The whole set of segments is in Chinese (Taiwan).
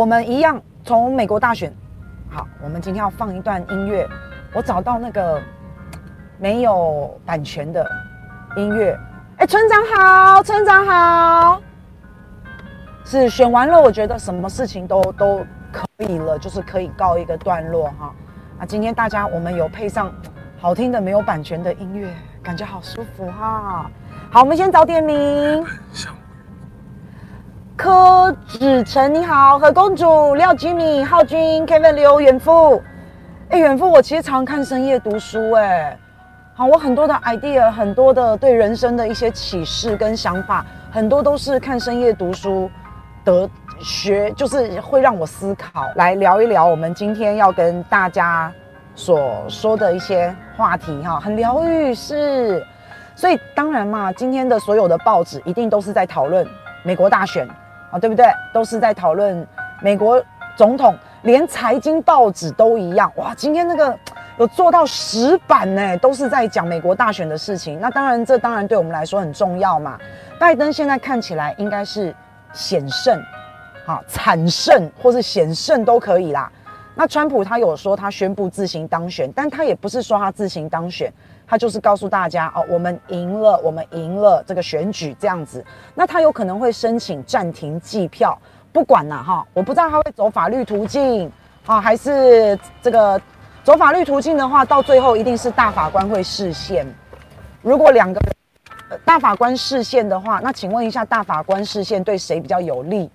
我們一樣從美國大選，好，我們今天要放一段音樂，我找到那個沒有版權的音樂，哎、欸，村長好，村長好，是選完了，我覺得什麼事情都都可以了，就是可以告一個段落哈、啊。那今天大家我們有配上好聽的沒有版權的音樂，感覺好舒服哈、啊。好，我們先找點名。柯子辰，你好，何公主、廖吉米、浩君 Kevin、劉遠富，哎、欸，遠富，我其實常看深夜讀書，哎，好，我很多的 idea，很多的對人生的一些啟示跟想法，很多都是看深夜讀書得學，就是會讓我思考。來聊一聊我們今天要跟大家所說的一些話題，哈，很療癒，是。所以當然嘛，今天的所有的報紙一定都是在討論美國大選。啊，對不對？都是在討論美國總統，連財經報紙都一樣。哇，今天那個有做到十版呢，都是在講美國大選的事情。那當然，這當然對我們來說很重要嘛。拜登現在看起來應該是險勝，啊慘勝或是險勝都可以啦。那川普他有說他宣布自行當選，但他也不是說他自行當選。他就是告訴大家哦，我們贏了，我們贏了這個選舉這樣子。那他有可能會申請暫停計票，不管了、啊、哈、哦，我不知道他會走法律途徑啊、哦，還是這個走法律途徑的話，到最後一定是大法官會釋憲。如果兩個、呃、大法官釋憲的話，那請問一下，大法官釋憲對誰比較有利？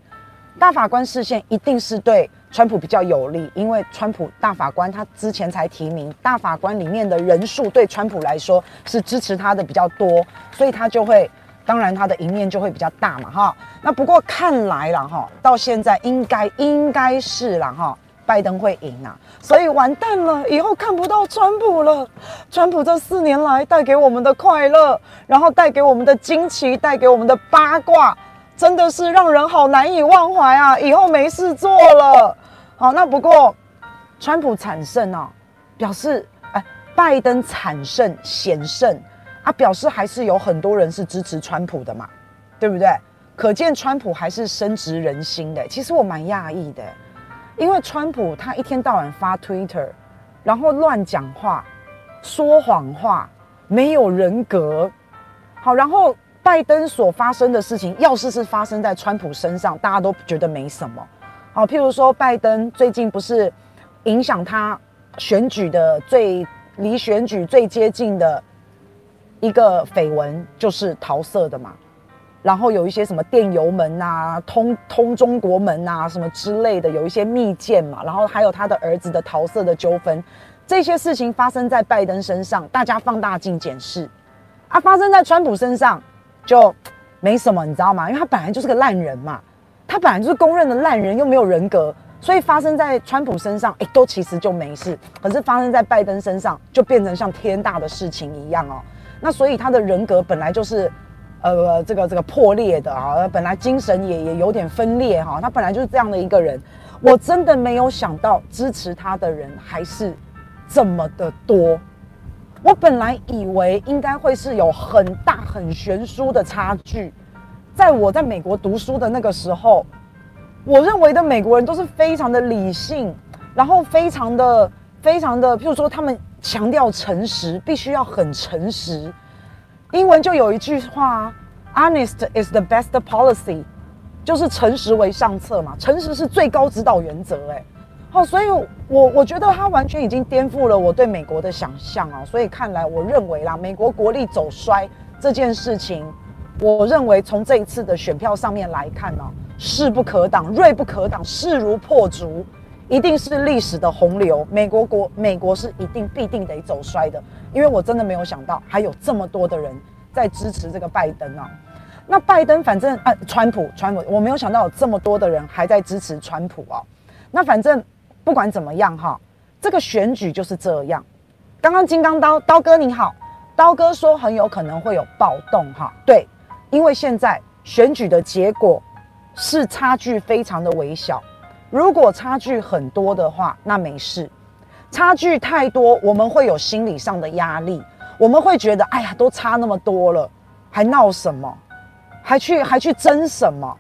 大法官釋憲一定是對。川普比較有利，因為川普大法官他之前才提名大法官裡面的人數，對川普來說是支持他的比較多，所以他就會，當然他的贏面就會比較大嘛，哈。那不過看來啦，哈，到現在應該應該是了，哈，拜登會贏啊，所以完蛋了，以後看不到川普了。川普這四年來帶給我們的快樂，然後帶給我們的驚奇，帶給我們的八卦。真的是讓人好難以忘懷啊！以後沒事做了。好，那不過川普慘勝哦，表示，哎，拜登慘勝險勝啊，表示還是有很多人是支持川普的嘛，對不對？可見川普還是深植人心的。其實我蠻訝異的，因為川普他一天到晚發推特，然後亂講話，說謊話，沒有人格。好，然後。拜登所發生的事情，要是是發生在川普身上，大家都覺得沒什麼。好、啊，譬如說，拜登最近不是影響他選舉的最離選舉最接近的一個緋聞，就是桃色的嘛。然後有一些什麼電郵門吶、啊、通通中國門吶、啊、什麼之類的，有一些密件嘛。然後還有他的兒子的桃色的糾紛，這些事情發生在拜登身上，大家放大鏡檢視啊，發生在川普身上，就沒什麼，你知道嗎？因為他本來就是個爛人嘛，他本來就是公認的爛人，又沒有人格，所以發生在川普身上，哎，都其實就沒事。可是發生在拜登身上，就變成像天大的事情一樣哦。那所以他的人格本來就是，呃，這個這個破裂的啊，本來精神也也有點分裂哈，他本來就是這樣的一個人。我真的沒有想到支持他的人還是這麼的多。我本來以為應該會是有很大很懸殊的差距，在我在美國讀書的那個時候，我認為的美國人都是非常的理性，然後非常的非常的，譬如說他們強調誠實，必須要很誠實。英文就有一句話，Honest is the best policy，就是誠實為上策嘛，誠實是最高指導原則、欸，哎。哦，所以我，我我覺得他完全已經顛覆了我對美國的想象啊，所以看來我認為啦，美國國力走衰這件事情，我認為從這一次的選票上面來看呢，啊，勢不可擋，銳不可擋，勢如破竹，一定是歷史的洪流，美國國美國是一定必定得走衰的，因為我真的沒有想到還有這麼多的人在支持這個拜登啊，那拜登反正啊，川普川普，我沒有想到有這麼多的人還在支持川普啊，那反正。不管怎麼樣哈，這個選舉就是這樣。剛剛金剛刀刀哥你好，刀哥說很有可能會有暴動哈。對，因為現在選舉的結果是差距非常的微小。如果差距很多的話，那沒事。差距太多，我們會有心理上的壓力，我們會覺得哎呀，都差那麼多了，還鬧什麼？還去還去爭什麼？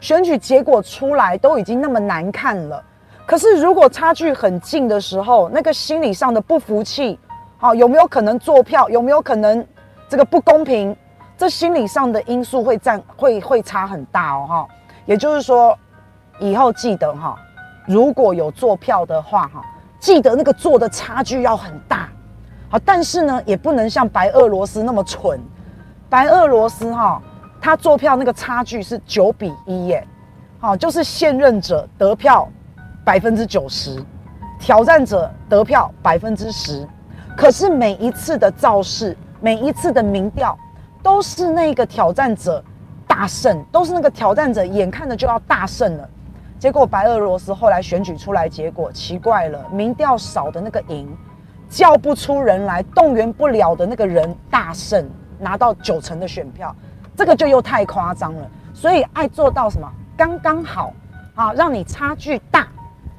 選舉結果出來都已經那麼難看了。可是，如果差距很近的時候，那個心理上的不服氣，好、哦，有沒有可能做票？有沒有可能這個不公平？這心理上的因素會佔會會差很大哦，哈、哦。也就是說，以後記得哈、哦，如果有做票的話，哈、哦，記得那個做的差距要很大，好、哦。但是呢，也不能像白俄羅斯那麼蠢。白俄羅斯哈、哦，他做票那個差距是九比一耶，好、哦，就是現任者得票。百分之九十，挑戰者得票百分之十。可是每一次的造勢，每一次的民調，都是那個挑戰者大勝，都是那個挑戰者眼看着就要大勝了。結果白俄羅斯後來選舉出來，結果奇怪了，民調少的那個贏，叫不出人來，動員不了的那個人大勝，拿到九成的選票，這個就又太誇張了。所以愛做到什麼，剛剛好啊，讓你差距大。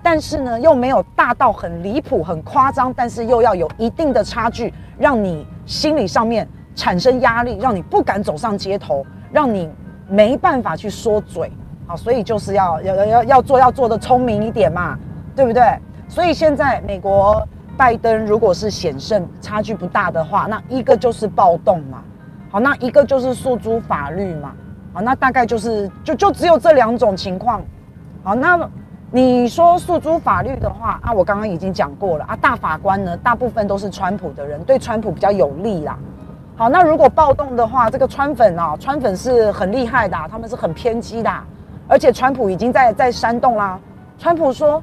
但是呢，又沒有大到很離譜、很誇張，但是又要有一定的差距，讓你心理上面產生壓力，讓你不敢走上街頭，讓你沒辦法去說嘴，好，所以就是要要要要做，要做得聰明一點嘛，對不對？所以現在美國拜登如果是險勝，差距不大的話，那一個就是暴動嘛，好，那一個就是訴諸法律嘛，好，那大概就是就就只有這兩種情況，好，那。你說訴諸法律的話啊，我剛剛已經講過了啊。大法官呢，大部分都是川普的人，對川普比較有利啦。好，那如果暴動的話，這個川粉啊，川粉是很厲害的啊，他們是很偏激的啊。而且川普已經在在煽動啦。川普說：“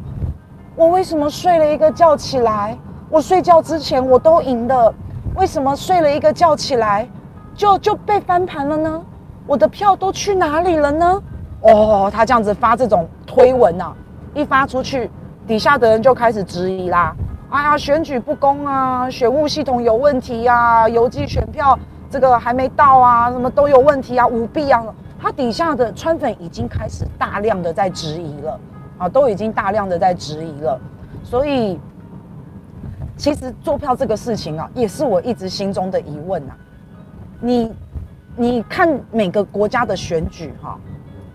我為什麼睡了一個覺起來，我睡覺之前我都贏的，為什麼睡了一個覺起來就就被翻盤了呢？我的票都去哪裡了呢？”哦，他這樣子發這種推文吶啊。一發出去，底下的人就開始質疑啦！哎呀，選舉不公啊，選務系統有問題啊，郵寄選票這個還沒到啊，什麼都有問題啊，舞弊啊！他底下的川粉已經開始大量的在質疑了啊，都已經大量的在質疑了。所以，其實做票這個事情啊，也是我一直心中的疑問啊。你，你看每個國家的選舉哈、啊。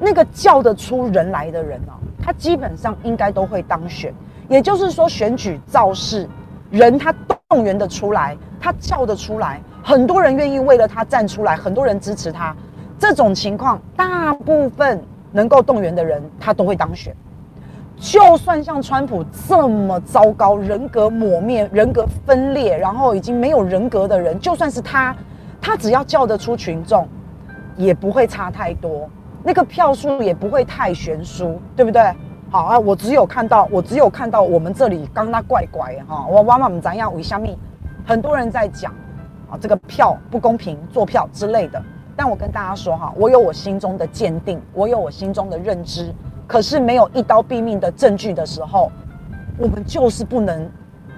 那個叫得出人來的人呢、啊，他基本上應該都會當選。也就是說，選舉造勢，人他動員得出來，他叫得出來，很多人願意為了他站出來，很多人支持他。這種情況，大部分能夠動員的人，他都會當選。就算像川普這麼糟糕、人格抹滅、人格分裂，然後已經沒有人格的人，就算是他，他只要叫得出群眾，也不會差太多。那個票數也不會太懸殊，對不對？好啊，我只有看到，我只有看到我們這裡剛那怪怪。哈、啊，我媽媽們怎樣為蝦米，很多人在講啊，這個票不公平，做票之類的。但我跟大家說哈、啊，我有我心中的鑑定，我有我心中的認知，可是沒有一刀斃命的證據的時候，我們就是不能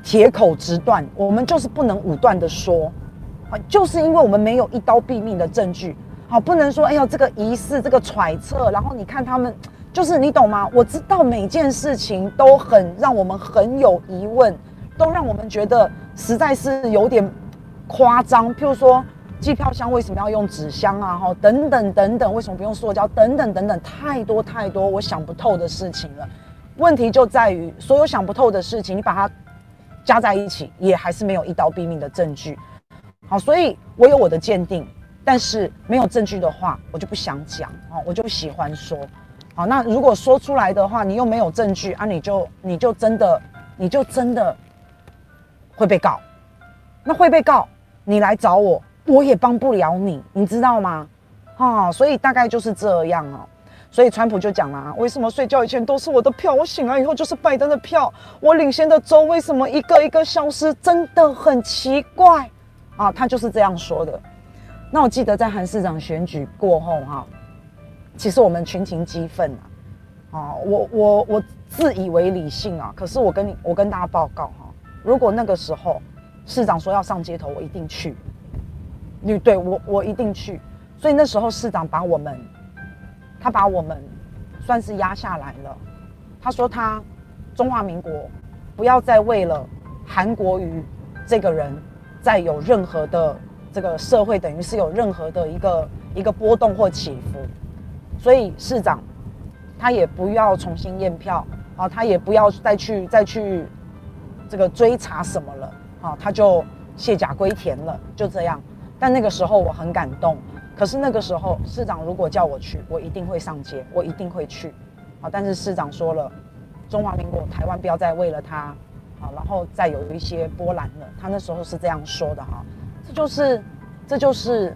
鐵口直斷，我們就是不能武斷的說，啊，就是因為我們沒有一刀斃命的證據。好，不能說，哎呦，這個儀式、這個揣測，然後你看他們，就是你懂嗎？我知道每件事情都很讓我們很有疑問，都讓我們覺得實在是有點誇張。譬如說，機票箱為什麼要用紙箱啊？哈、哦，等等等等，為什麼不用塑膠？等等等等，太多太多，我想不透的事情了。問題就在於，所有想不透的事情，你把它加在一起，也還是沒有一刀斃命的證據。好，所以我有我的鑑定。但是沒有證據的話，我就不想講哦，我就不喜歡說。好，那如果說出來的話，你又沒有證據啊，你就你就真的你就真的會被告。那會被告，你來找我，我也幫不了你，你知道嗎？啊，哦，所以大概就是這樣哦。所以川普就講了啊，為什麼睡覺以前都是我的票，我醒來以後就是拜登的票，我領先的州為什麼一個一個消失，真的很奇怪啊，他就是這樣說的。那我記得在韓市長選舉過後哈、啊，其實我們群情激憤啊，哦、啊，我我我自以為理性啊，可是我跟你我跟大家報告哈、啊，如果那個時候市長說要上街頭，我一定去，你對我我一定去，所以那時候市長把我們，他把我們算是壓下來了，他說他中華民國不要再為了韓國瑜這個人再有任何的。這個社會等於是有任何的一個一個波動或起伏，所以市長他也不要重新驗票啊，他也不要再去再去這個追查什麼了啊，他就卸甲歸田了，就這樣。但那個時候我很感動。可是那個時候，市長如果叫我去，我一定會上街，我一定會去啊。但是市長說了，中華民國台灣不要再為了他好，啊，然後再有一些波瀾了。他那時候是這樣說的哈。啊就是，這就是，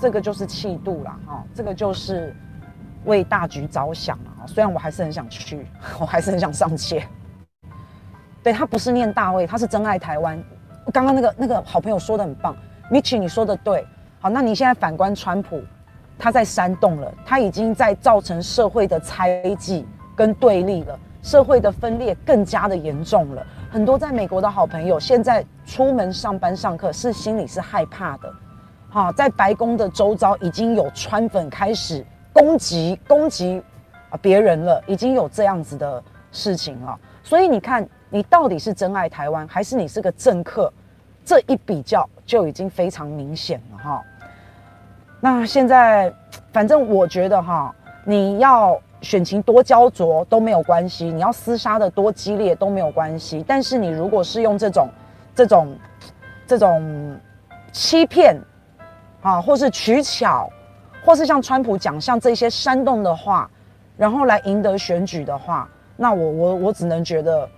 這個就是氣度了哈、哦。這個就是為大局着想了、啊。雖然我還是很想去，我還是很想上街。對，他不是念大衛，他是真愛台灣。剛剛那個那個好朋友說的很棒，Mitchie，你說的對。好，那你現在反觀川普，他在煽動了，他已經在造成社會的猜忌跟對立了。社會的分裂更加的嚴重了，很多在美國的好朋友現在出門上班上課是心裡是害怕的，哈，在白宮的周遭已經有川粉開始攻擊攻擊啊別人了，已經有這樣子的事情了，所以你看你到底是真愛台灣還是你是個政客，這一比較就已經非常明顯了哈。那現在反正我覺得哈，你要。選情多焦灼都沒有關係，你要厮殺的多激烈都沒有關係。但是你如果是用這種、這種、這種欺騙，啊，或是取巧，或是像川普講像這些煽動的話，然後來贏得選舉的話，那我我我只能覺得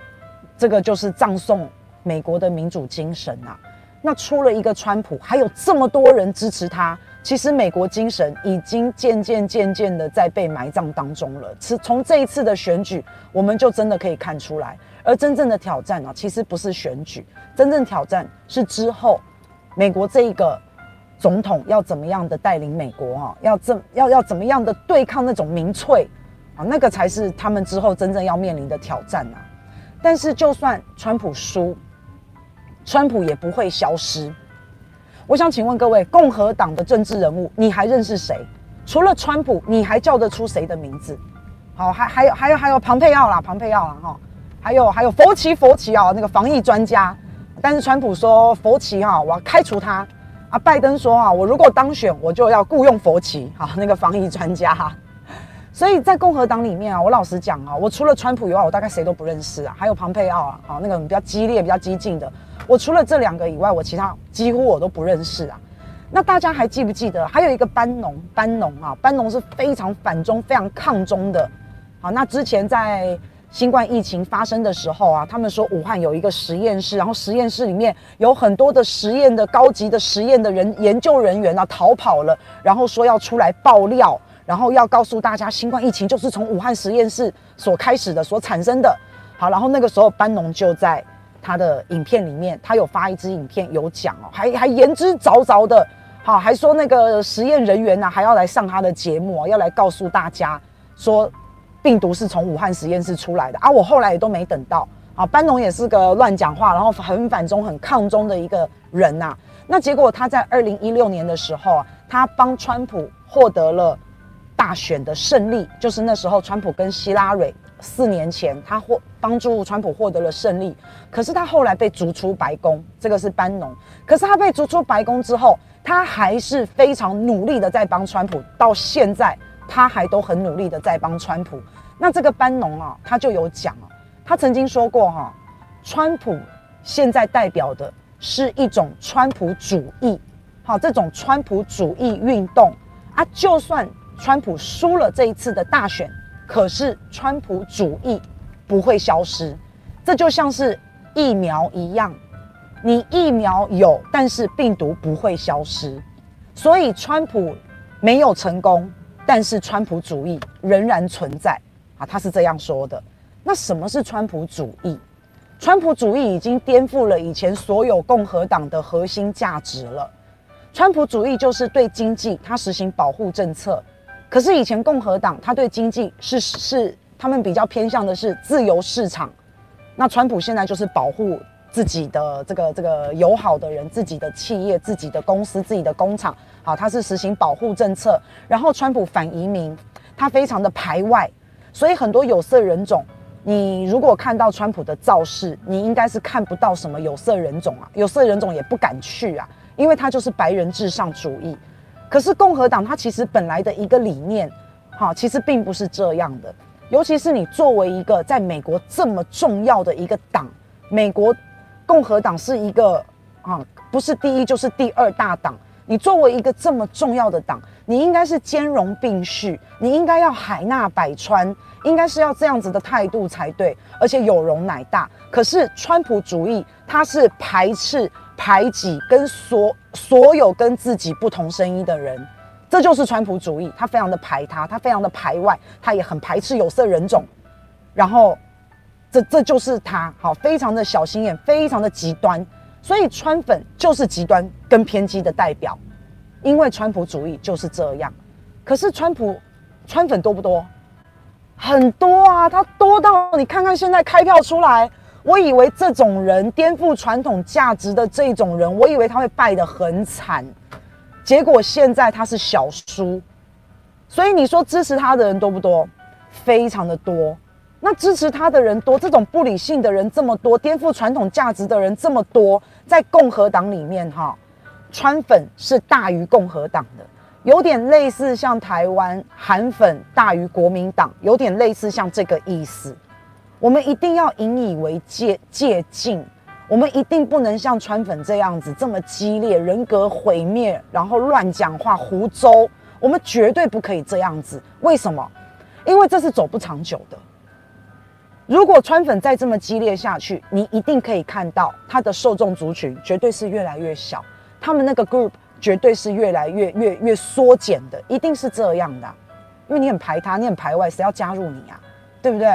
這個就是葬送美國的民主精神啊！那出了一個川普，還有這麼多人支持他。其實美國精神，已經漸漸漸漸的在被埋葬當中了。是從這一次的選舉，我們就真的可以看出來。而真正的挑戰啊，其實不是選舉，真正挑戰是之後美國這一個總統要怎麼樣的帶領美國啊，要怎要要怎麼樣的對抗那種民粹啊，那個才是他們之後真正要面臨的挑戰吶、啊。但是就算川普輸，川普也不會消失。我想請問各位，共和黨的政治人物，你還認識誰？除了川普，你還叫得出誰的名字？好、哦，還有還有還有還有龐佩奧啦，龐佩奧啦哈、哦，還有還有佛奇佛奇啊、哦，那個防疫專家。但是川普說佛奇哈、啊，我要開除他啊。拜登說哈、啊，我如果當選，我就要雇傭佛奇哈，那個防疫專家哈。所以在共和黨裡面啊，我老實講啊，我除了川普以外，我大概誰都不認識啊。還有蓬佩奧啊，好、啊、那個比較激烈、比較激進的。我除了這兩個以外，我其他幾乎我都不認識啊。那大家還記不記得？還有一個班農，班農啊，班農是非常反中、非常抗中的。好、啊，那之前在新冠疫情發生的時候啊，他們說武漢有一個實驗室，然後實驗室裡面有很多的實驗的高級的實驗的人研究人員啊逃跑了，然後說要出來爆料。然後要告訴大家，新冠疫情就是從武漢實驗室所開始的，所產生的。好，然後那個時候班農就在他的影片裡面，他有發一支影片，有講哦，還還言之鑿鑿的，好，還說那個實驗人員呢、啊，還要來上他的節目，要來告訴大家說病毒是從武漢實驗室出來的啊。我後來也都沒等到啊。班農也是個亂講話，然後很反中、很抗中的一個人吶、啊。那結果他在二零一六年的時候啊，他幫川普獲得了。大選的勝利就是那時候，川普跟希拉蕊四年前，他獲幫助川普獲得了勝利。可是他後來被逐出白宮，這個是班農。可是他被逐出白宮之後，他還是非常努力的在幫川普，到現在他還都很努力的在幫川普。那這個班農啊，他就有講啊，他曾經說過哈、啊，川普現在代表的是一種川普主義，好，這種川普主義運動啊，就算。川普輸了這一次的大選，可是川普主義不會消失，這就像是疫苗一樣，你疫苗有，但是病毒不會消失，所以川普沒有成功，但是川普主義仍然存在啊，他是這樣說的。那什麼是川普主義？川普主義已經顛覆了以前所有共和黨的核心價值了。川普主義就是對經濟，它實行保護政策。可是以前共和黨，他對經濟是是，是他們比較偏向的是自由市場，那川普現在就是保護自己的這個這個友好的人、自己的企業、自己的公司、自己的工廠，好，他是實行保護政策。然後川普反移民，他非常的排外，所以很多有色人種，你如果看到川普的造勢，你應該是看不到什麼有色人種啊，有色人種也不敢去啊，因為他就是白人至上主義。可是共和黨它，其實本來的一個理念，哈、啊，其實並不是這樣的。尤其是你作為一個在美國這麼重要的一個黨，美國共和黨是一個啊，不是第一就是第二大黨。你作為一個這麼重要的黨，你應該是兼容並蓄，你應該要海納百川，應該是要這樣子的態度才對。而且有容乃大。可是川普主義它是排斥、排擠跟所。所有跟自己不同聲音的人，這就是川普主義。他非常的排他，他非常的排外，他也很排斥有色人種。然後，這這就是他，好，非常的小心眼，非常的極端。所以川粉就是極端跟偏激的代表，因為川普主義就是這樣。可是川普、川粉多不多？很多啊，他多到你看看現在開票出來，我以為這種人，顛覆傳統價值的這種人，我以為他會敗得很慘，結果現在他是小輸，所以你說支持他的人多不多？非常的多。那支持他的人多，這種不理性的人這麼多，顛覆傳統價值的人這麼多，在共和黨裡面哈，川粉是大於共和黨的，有點類似像台灣韓粉大於國民黨，有點類似像這個意思。我們一定要引以為戒、借鏡。我們一定不能像川粉這樣子這麼激烈，人格毀滅，然後亂講話胡謅。我們絕對不可以這樣子。為什麼？因為這是走不長久的。如果川粉再這麼激烈下去，你一定可以看到他的受眾族群絕對是越來越小，他們那個 group 絕對是越來越越越縮減的，一定是這樣的啊。因為你很排他，你很排外，誰要加入你啊？對不對？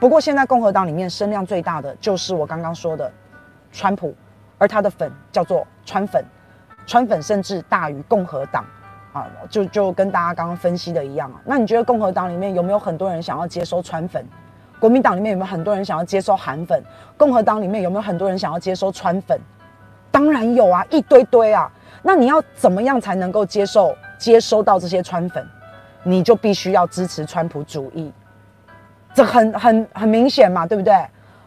不過現在共和黨裡面聲量最大的就是我剛剛說的川普，而他的粉叫做川粉，川粉甚至大於共和黨啊，就就跟大家剛剛分析的一樣啊。那你覺得共和黨裡面有沒有很多人想要接收川粉？國民黨裡面有沒有很多人想要接收韓粉？共和黨裡面有沒有很多人想要接收川粉？當然有啊，一堆堆啊。那你要怎麼樣才能夠接受接收到這些川粉？你就必須要支持川普主義。這很很很明顯嘛，對不對？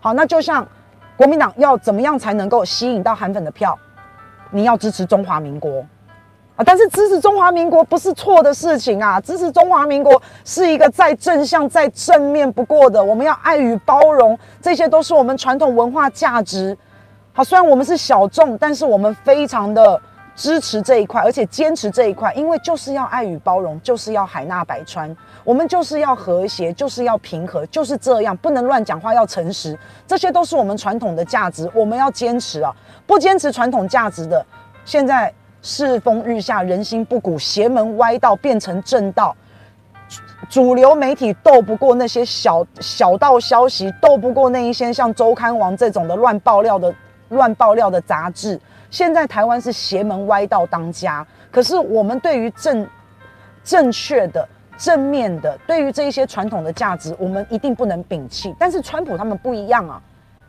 好，那就像國民黨要怎麼樣才能夠吸引到韓粉的票？你要支持中華民國啊！但是支持中華民國不是錯的事情啊！支持中華民國是一個再正向、再正面不過的。我們要愛與包容，這些都是我們傳統文化價值。好，雖然我們是小眾，但是我們非常的。支持這一塊，而且堅持這一塊，因為就是要愛與包容，就是要海納百川，我們就是要和諧，就是要平和，就是這樣，不能亂講話，要誠實，這些都是我們傳統的價值，我們要堅持啊！不堅持傳統價值的，現在世風日下，人心不古，邪門歪道變成正道，主流媒體鬥不過那些小小道消息，鬥不過那一些像周刊王這種的亂爆料的亂爆料的雜誌。現在台灣是邪門歪道當家，可是我們對於正、正確的、正面的，對於這一些傳統的價值，我們一定不能摒棄。但是川普他們不一樣啊，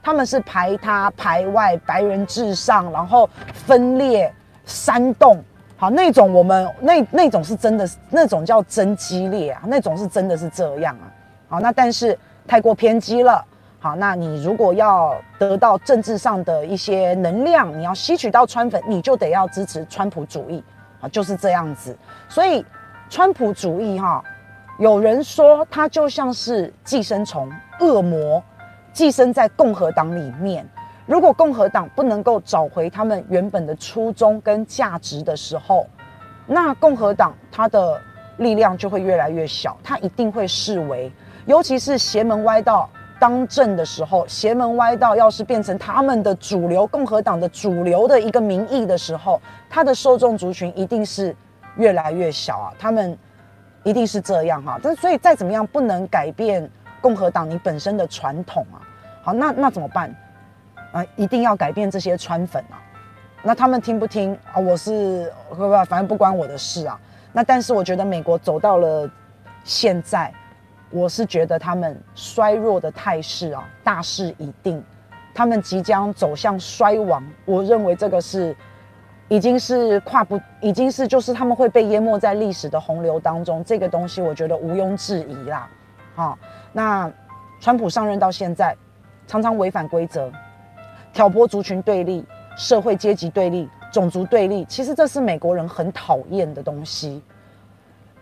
他們是排他、排外、白人至上，然後分裂、煽動，好，那種我們那那種是真的，那種叫真激烈啊，那種是真的是這樣啊。好，那但是太過偏激了。好，那你如果要得到政治上的一些能量，你要吸取到川粉，你就得要支持川普主義啊，就是這樣子。所以，川普主義哈、啊，有人說它就像是寄生蟲、惡魔，寄生在共和黨裡面。如果共和黨不能夠找回他們原本的初衷跟價值的時候，那共和黨它的力量就會越來越小，它一定會式微，尤其是邪門歪道。當政的時候，邪門歪道要是變成他們的主流，共和黨的主流的一個民意的時候，他的受眾族群一定是越來越小啊，他們一定是這樣哈、啊。但所以再怎麼樣，不能改變共和黨你本身的傳統啊。好，那那怎麼辦啊？一定要改變這些川粉啊？那他們聽不聽啊？我是對吧？反正不關我的事啊。那但是我覺得美國走到了現在。我是覺得他們衰弱的態勢啊，大勢已定，他們即將走向衰亡。我認為這個是已經是跨不，已經是就是他們會被淹沒在歷史的洪流當中。這個東西我覺得毋庸置疑啦。哦，那川普上任到現在，常常違反規則，挑撥族群對立、社會階級對立、種族對立。其實這是美國人很討厭的東西。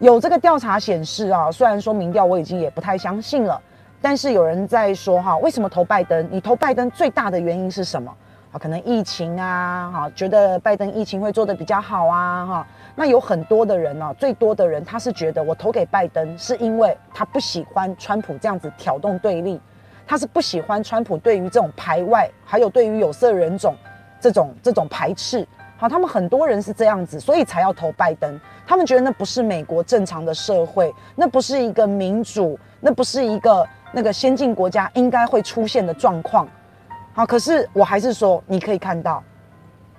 有這個調查顯示啊，雖然說民調我已經也不太相信了，但是有人在說哈、啊，為什麼投拜登？你投拜登最大的原因是什麼啊？可能疫情啊，哈、啊，覺得拜登疫情會做得比較好啊，哈、啊。那有很多的人呢、啊，最多的人他是覺得我投給拜登，是因為他不喜歡川普這樣子挑動對立，他是不喜歡川普對於這種排外，還有對於有色人種這種這種排斥，好、啊，他們很多人是這樣子，所以才要投拜登。他們覺得那不是美國正常的社會，那不是一個民主，那不是一個那個先進國家應該會出現的狀況，好，可是我還是說，你可以看到，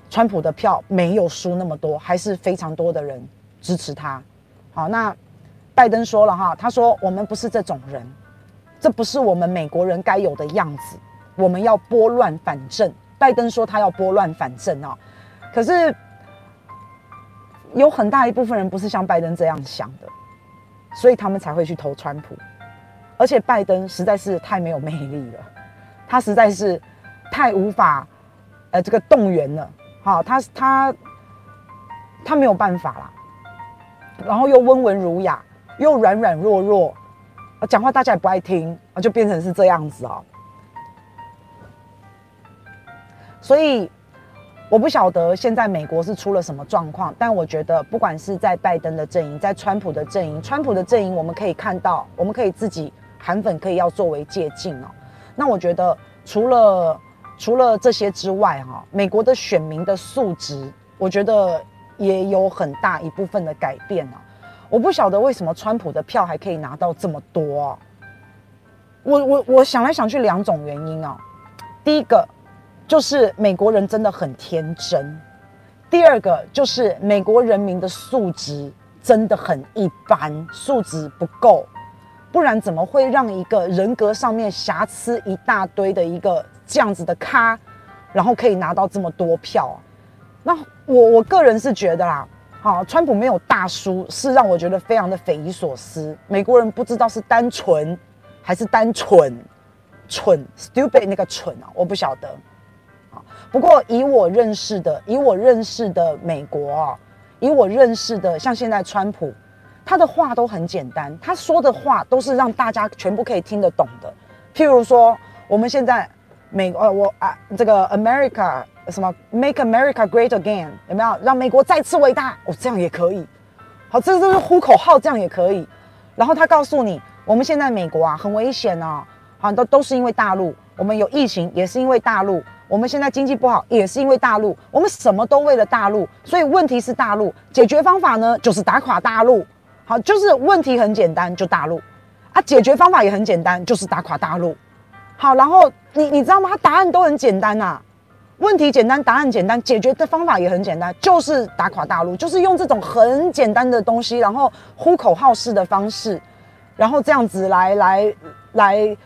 川普的票沒有輸那麼多，還是非常多的人支持他，好，那拜登說了哈，他說我們不是這種人，這不是我們美國人該有的樣子，我們要撥亂反正，拜登說他要撥亂反正啊、哦，可是。有很大一部分人不是像拜登這樣想的，所以他們才會去投川普。而且拜登實在是太沒有魅力了，他實在是太無法，呃，這個動員了。好、哦，他他他沒有辦法啦。然後又溫文儒雅，又軟軟弱弱，講話大家也不愛聽，啊，就變成是這樣子哦。所以。我不曉得現在美國是出了什麼狀況，但我覺得不管是在拜登的陣營，在川普的陣營，川普的陣營，我們可以看到，我們可以自己韓粉可以要作為借鏡哦。那我覺得除了除了這些之外哈，美國的選民的素質，我覺得也有很大一部分的改變哦。我不曉得為什麼川普的票還可以拿到這麼多哦。我我我想來想去兩種原因哦，第一個。就是美國人真的很天真，第二個就是美國人民的素質真的很一般，素質不夠，不然怎麼會讓一個人格上面瑕疵一大堆的一個這樣子的咖，然後可以拿到這麼多票，啊？那我我個人是覺得啦，好，川普沒有大輸，是讓我覺得非常的匪夷所思。美國人不知道是單純還是單純，蠢，stupid 那個蠢啊，我不曉得。不過，以我認識的，以我認識的美國啊、哦，以我認識的，像現在川普，他的話都很簡單，他說的話都是讓大家全部可以聽得懂的。譬如說，我們現在美呃、啊，我啊，這個 America 什麼 Make America Great Again 有沒有？讓美國再次偉大？哦，這樣也可以。好，這這是呼口號，這樣也可以。然後他告訴你，我們現在美國啊很危險啊、哦，很多都，都是因為大陸，我們有疫情也是因為大陸。我們現在經濟不好，也是因為大陸。我們什麼都為了大陸，所以問題是大陸。解決方法呢，就是打垮大陸。好，就是問題很簡單，就大陸啊。解決方法也很簡單，就是打垮大陸。好，然後你你知道嗎？它答案都很簡單啊。問題簡單，答案簡單，解決的方法也很簡單，就是打垮大陸，就是用這種很簡單的東西，然後呼口號式的方式，然後這樣子來來來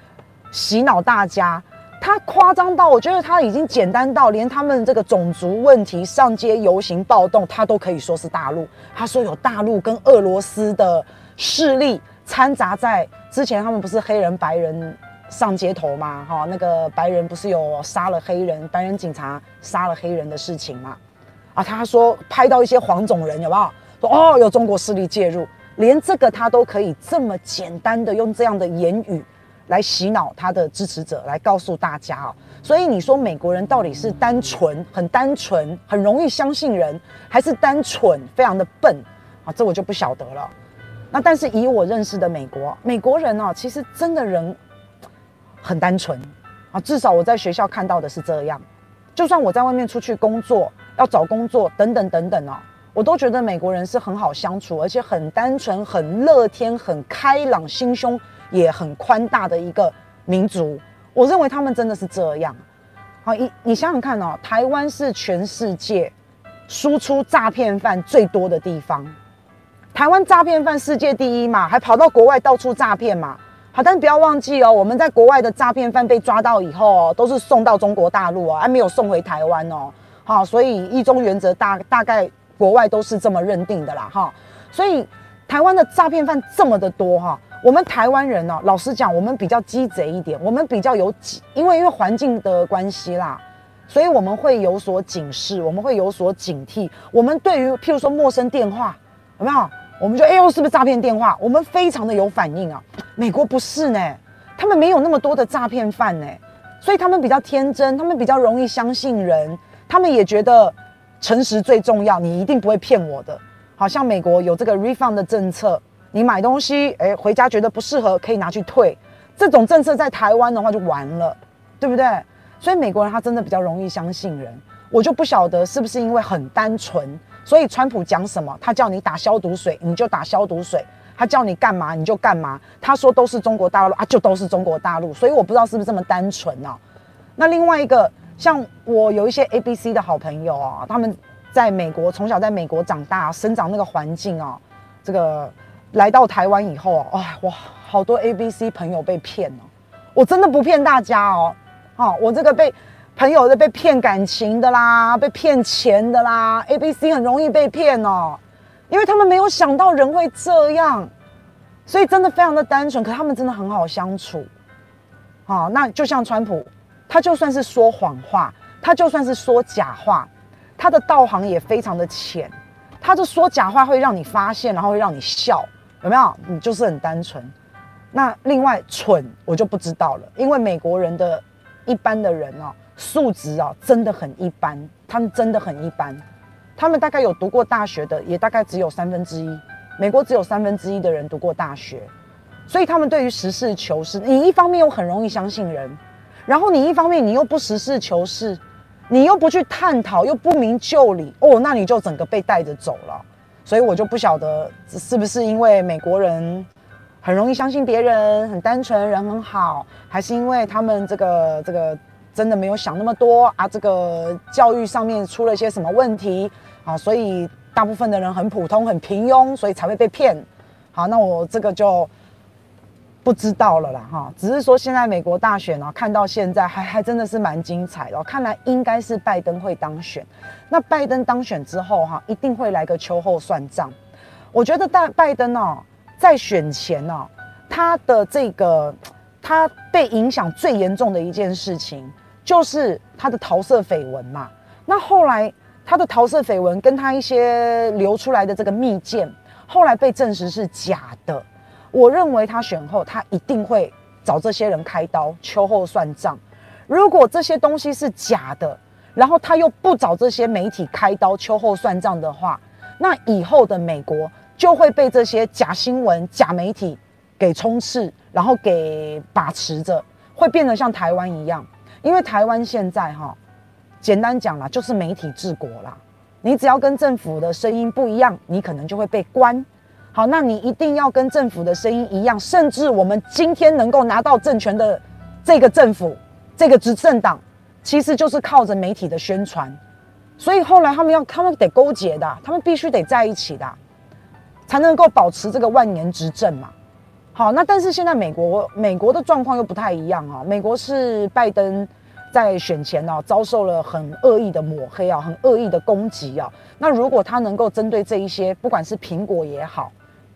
洗腦大家。他誇張到，我覺得他已經簡單到連他們這個種族問題、上街遊行暴動，他都可以說是大陸。他說有大陸跟俄羅斯的勢力摻雜在之前，他們不是黑人、白人上街頭嗎？哈，那個白人不是有殺了黑人、白人警察殺了黑人的事情嗎？啊，他說拍到一些黃種人，有沒有說哦，有中國勢力介入，連這個他都可以這麼簡單的用這樣的言語。來洗腦他的支持者，來告訴大家哦。所以你說美國人到底是單純、很單純、很容易相信人，還是單純、非常的笨啊？這我就不曉得了。那但是以我認識的美國美國人呢、哦，其實真的人很單純啊。至少我在學校看到的是這樣。就算我在外面出去工作、要找工作等等等等哦，我都覺得美國人是很好相處，而且很單純、很樂天、很開朗、心胸。也很寬大的一個民族，我認為他們真的是這樣。好，你你想想看哦，台灣是全世界輸出詐騙犯最多的地方，台灣詐騙犯世界第一嘛，還跑到國外到處詐騙嘛。好，但是不要忘記哦，我們在國外的詐騙犯被抓到以後哦，都是送到中國大陸啊，還沒有送回台灣哦。好，所以一中原則大大概國外都是這麼認定的啦。哈，所以台灣的詐騙犯這麼的多哈。我們台灣人呢、啊，老實講，我們比較雞賊一點，我們比較有警，因為因為環境的關係啦，所以我們會有所警示，我們會有所警惕。我們對於譬如說陌生電話，有沒有？我們就哎呦，是不是詐騙電話？我們非常的有反應啊。美國不是呢，他們沒有那麼多的詐騙犯呢，所以他們比較天真，他們比較容易相信人，他們也覺得誠實最重要，你一定不會騙我的。好像美國有這個 refund 的政策。你買東西，誒、欸，回家覺得不適合，可以拿去退。這種政策在台灣的話就完了，對不對？所以美國人他真的比較容易相信人，我就不曉得是不是因為很單純，所以川普講什麼，他叫你打消毒水你就打消毒水，他叫你幹嘛你就幹嘛。他說都是中國大陸啊，就都是中國大陸，所以我不知道是不是這麼單純啊。那另外一個，像我有一些 ABC 的好朋友啊，他們在美國從小在美國長大生長那個環境哦、啊，這個。來到台灣以後啊，哇，好多 A B C 朋友被騙哦、喔。我真的不騙大家哦、喔喔，我這個被朋友的被騙感情的啦，被騙錢的啦，A B C 很容易被騙哦、喔，因為他們沒有想到人會這樣，所以真的非常的單純。可他們真的很好相處，啊、喔，那就像川普，他就算是說謊話，他就算是說假話，他的道行也非常的淺，他就說假話會讓你發現，然後會讓你笑。有沒有？你就是很單純。那另外蠢，我就不知道了。因為美國人的，一般的人哦，素質哦，真的很一般。他們真的很一般。他們大概有讀過大學的，也大概只有三分之一。美國只有三分之一的人讀過大學，所以他們對於實事求是，你一方面又很容易相信人，然後你一方面你又不實事求是，你又不去探討，又不明就裡，哦，那你就整個被帶着走了。所以我就不曉得是不是因為美國人很容易相信別人，很單純，人很好，還是因為他們這個這個真的沒有想那麼多啊，這個教育上面出了一些什麼問題啊，所以大部分的人很普通，很平庸，所以才會被騙。好，那我這個就。不知道了啦哈，只是說現在美國大選啊，看到現在還還真的是蠻精彩的，看來應該是拜登會當選。那拜登當選之後哈，一定會來個秋後算賬。我覺得大拜登哦，在選前哦，他的這個他被影響最嚴重的一件事情，就是他的桃色緋聞嘛。那後來他的桃色緋聞跟他一些流出來的這個密件，後來被證實是假的。我認為他選後，他一定會找這些人開刀，秋後算賬。如果這些東西是假的，然後他又不找這些媒體開刀，秋後算賬的話，那以後的美國就會被這些假新聞、假媒體給充斥，然後給把持着，會變得像台灣一樣。因為台灣現在哈、喔，簡單講啦，就是媒體治國啦。你只要跟政府的聲音不一樣，你可能就會被關。好，那你一定要跟政府的聲音一樣，甚至我們今天能夠拿到政權的這個政府，這個執政黨，其實就是靠着媒體的宣傳，所以後來他們要他們得勾結的，他們必須得在一起的，才能夠保持這個萬年執政嘛。好，那但是現在美國美國的狀況又不太一樣啊，美國是拜登在選前呢，啊，遭受了很惡意的抹黑啊，很惡意的攻擊啊。那如果他能夠針對這一些，不管是蘋果也好，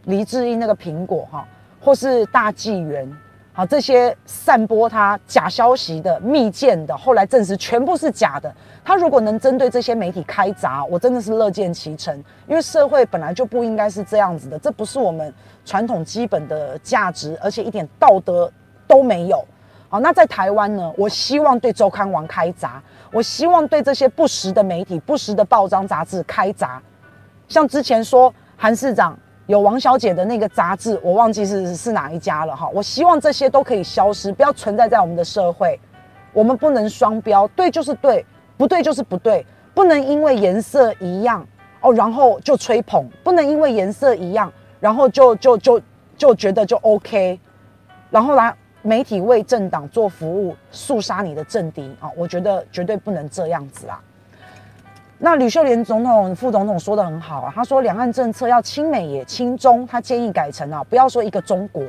黎智英那個蘋果哈、哦，或是大紀元，好，這些散播他假消息的密件的，後來證實全部是假的。他如果能針對這些媒體開鍘，我真的是樂見其成，因為社會本來就不應該是這樣子的，這不是我們傳統基本的價值，而且一點道德都沒有。好，那在台灣呢，我希望對周刊王開鍘，我希望對這些不實的媒體、不實的報章雜誌開鍘。像之前說韓市長。有王小姐的那個雜誌，我忘記是是哪一家了哈。我希望這些都可以消失，不要存在在我們的社會。我們不能雙標，對就是對，不對就是不對，不能因為顏色一樣哦，然後就吹捧，不能因為顏色一樣，然後就就就就覺得就 OK，然後來媒體為政黨做服務，肅殺你的政敵啊！我覺得絕對不能這樣子啊。那呂秀蓮總統、副總統說得很好啊，他說兩岸政策要親美也親中，他建議改成啊，不要說一個中國，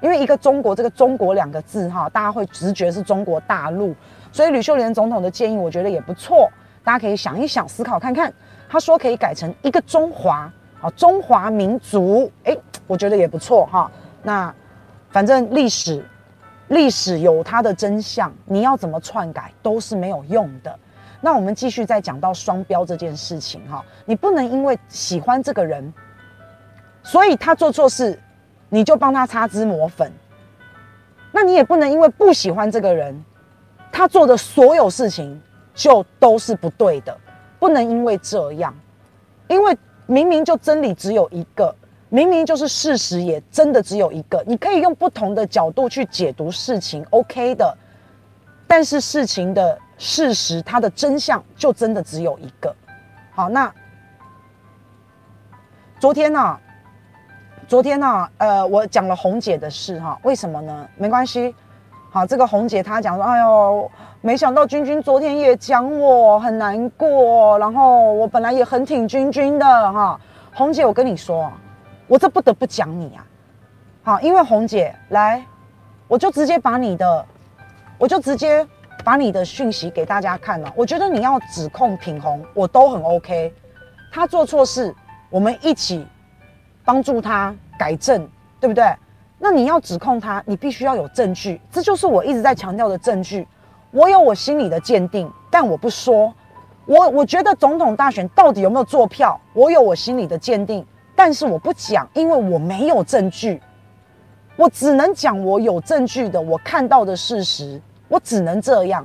因為一個中國這個中國兩個字哈、啊，大家會直覺是中國大陸，所以呂秀蓮總統的建議我覺得也不錯，大家可以想一想、思考看看。他說可以改成一個中華，啊，中華民族，哎，我覺得也不錯哈、啊。那反正歷史，歷史有它的真相，你要怎麼篡改都是沒有用的。那我們繼續再講到雙標這件事情哈，你不能因為喜歡這個人，所以他做錯事，你就幫他擦脂抹粉；那你也不能因為不喜歡這個人，他做的所有事情就都是不對的，不能因為這樣，因為明明就真理只有一個，明明就是事實也真的只有一個，你可以用不同的角度去解讀事情，OK 的，但是事情的。事實，它的真相就真的只有一個。好，那昨天呢、啊？昨天呢、啊？呃，我講了紅姐的事哈。為什麼呢？沒關係。好，這個紅姐她講說，哎喲，沒想到鈞鈞昨天也講我很難過，然後我本來也很挺鈞鈞的哈。紅姐，我跟你說，我這不得不講你啊。好，因為紅姐，來，我就直接把你的，我就直接。把你的訊息給大家看了啊，我覺得你要指控品紅，我都很 OK。他做錯事，我們一起幫助他改正，對不對？那你要指控他，你必須要有證據。這就是我一直在強調的證據。我有我心裡的鑑定，但我不說。我我覺得總統大選到底有沒有做票，我有我心裡的鑑定，但是我不講，因為我沒有證據。我只能講我有證據的，我看到的事實。我只能這樣。